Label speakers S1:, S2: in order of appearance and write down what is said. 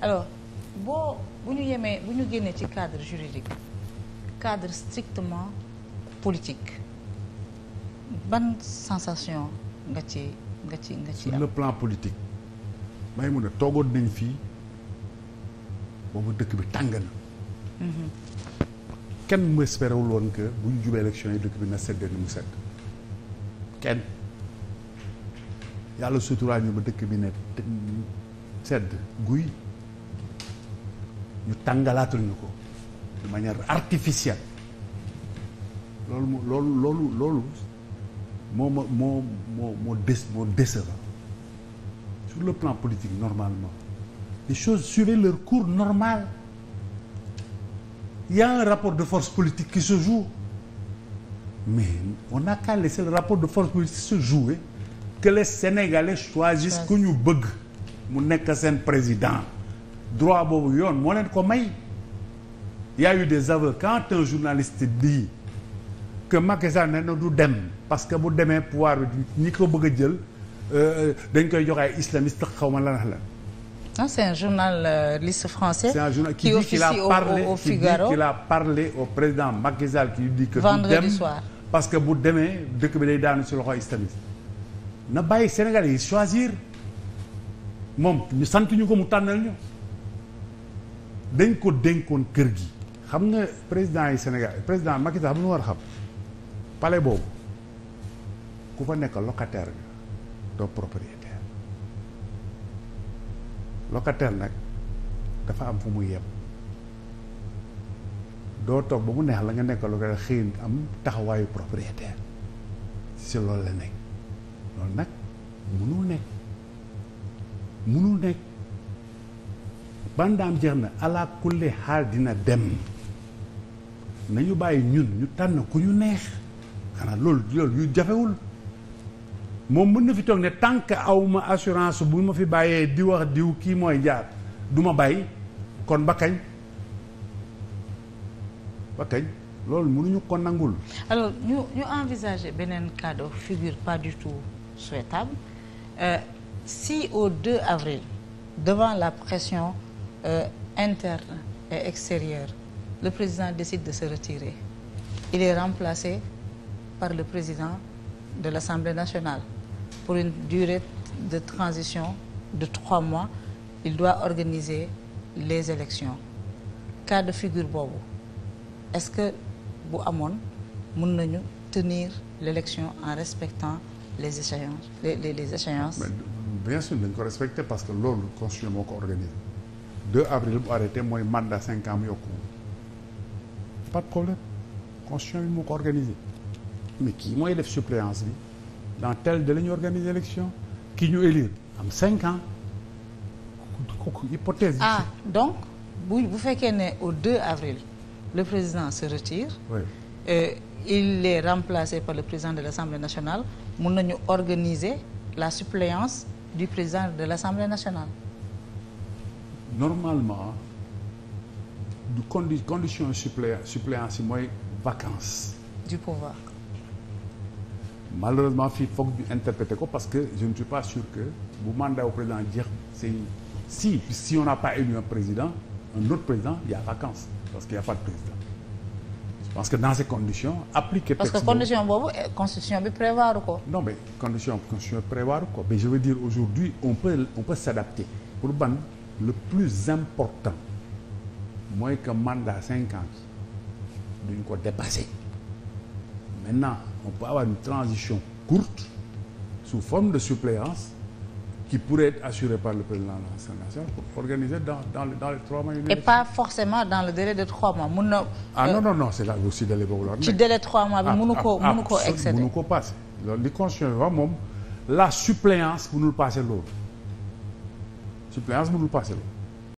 S1: alors boo bu ñu yemee bu ñu génnee ci cadre juridique cadre strictement politique ban sensation nga ci nga ci nga ci. sur le
S2: plan politique may mun a toogoon nañ fii boobu dëkk bi tàng na. Mhm. kenn mu espéré wul woon bu ñu jubee élection yi dëkk bi na sedd ni mu sedd kenn yàlla suturaal ñu ba dëkk bi ne sedd guy. ñu tàngalaatal ko de manière artificielle loolu moo loolu loolu moo ma moo moo moo dés moo décevant sur le plan politique normalement les choses suivaient leur cours normal il un rapport de force politique qui se joue mais on n'a qu'à laisser le rapport de force politique se jouer que les Sénégalais choisissent ku ñu bëgg mu nekk seen président droit boobu yoon moo leen ko may y eu des aveux quand un journaliste dit que Macky na du dem parce que bu demee pouvoir bi ñi ko bëgg a jël euh, euh, dañ koy joxe ay islamiste xaw ma lan la.
S1: non c'est un journaliste euh, français. c'est un journal qui, qui dit qu'il a parlé au, au, au
S2: parlé au président Macky Sall qui dit que du dem parce que bu demee dëkk bi day daanu ci loxo islamiste na bàyyi Sénégal yi choisir moom ñu sant ñu ko mu tànnal ñu. dañ ko dénkoon kër gi xam nga président yi Sénégal président Macky Sall xam nu war a xam palais boobu ku fa nekk locataire nga doo propriétaire locataire nag dafa am fu muy yem doo toog ba mu neex la nga nekk locataire xëy am taxawaayu propriétaire si loolu la nekk loolu nag mënul nekk mënul nekk bandaam jeex na ala kulli dina dem nañu bàyyi ñun ñu tànn ku ñu neex xanaa loolu loolu yu jafewul moom mën na fi toog ne tant que aw assurance bu ma fi bàyyee di wax diw kii mooy jaar du ma bàyyi kon ba kañ loolu mënuñu ko nangul.
S1: alors ñu ñu envisager beneen cas de figure pas du tout souhaitable euh, si au 2 avril devant la pression. euh, interne et extérieure, le président décide de se retirer. Il est remplacé par le président de l'Assemblée nationale pour une durée de transition de trois mois. Il doit organiser les élections. Cas de figure boobu est-ce que bu amoon mun nañu tenir l'élection en respectant les échéances les les, les échéances. Mais,
S2: bien sûr dañ ko respecter parce que loolu constitution moo 2 avril bu arrêté mooy mandat 5 ans mu yokku pas de problème constitution bi moo ko organisé kii mooy def suppléance bi dans tell de la ñu organiser élection ki ñu élire am 5 ans kooku ah
S1: donc bu bu fekkee ne au 2 avril le président se retire. oui euh, il est remplacé par le président de l'Assemblée nationale mun nañu organiser la suppléance du président de l'Assemblée nationale.
S2: normalement du condi condition supplé suppléance yi mooy vacance. du pouvoir. malheureusement fii foog ñu interpréter ko parce que je ne suis pas sûr que bu mandat au président jeex si si on n'a pas élu un président un autre président il y a vacance parce qu'il a pas de président je pense que dans ces conditions appliquer parce que condition
S1: boobu eh, constitution bi
S2: prévoir ko non mais condition constitution prévoir ko mais je veux dire aujourd'hui on peut on peut s'adapter pour ban le plus important mooy que mandat cinq ans duñ ko dépasser maintenant on peut avoir une transition courte sous forme de suppléance qui pourrait être assurée par le président de l'Assemblée nationale pour organiser dans dans les dans les trois mois. et
S1: pas forcément dans le délai de trois mois mun
S2: na. ah non euh, non non c'est là aussi délai boobu la. ci délai
S1: trois mois bi ah, mënu ah, ko mënu ah, ko excéder
S2: mënu ko passé la suppléance mënul passé loolu. suppléance mënul passé la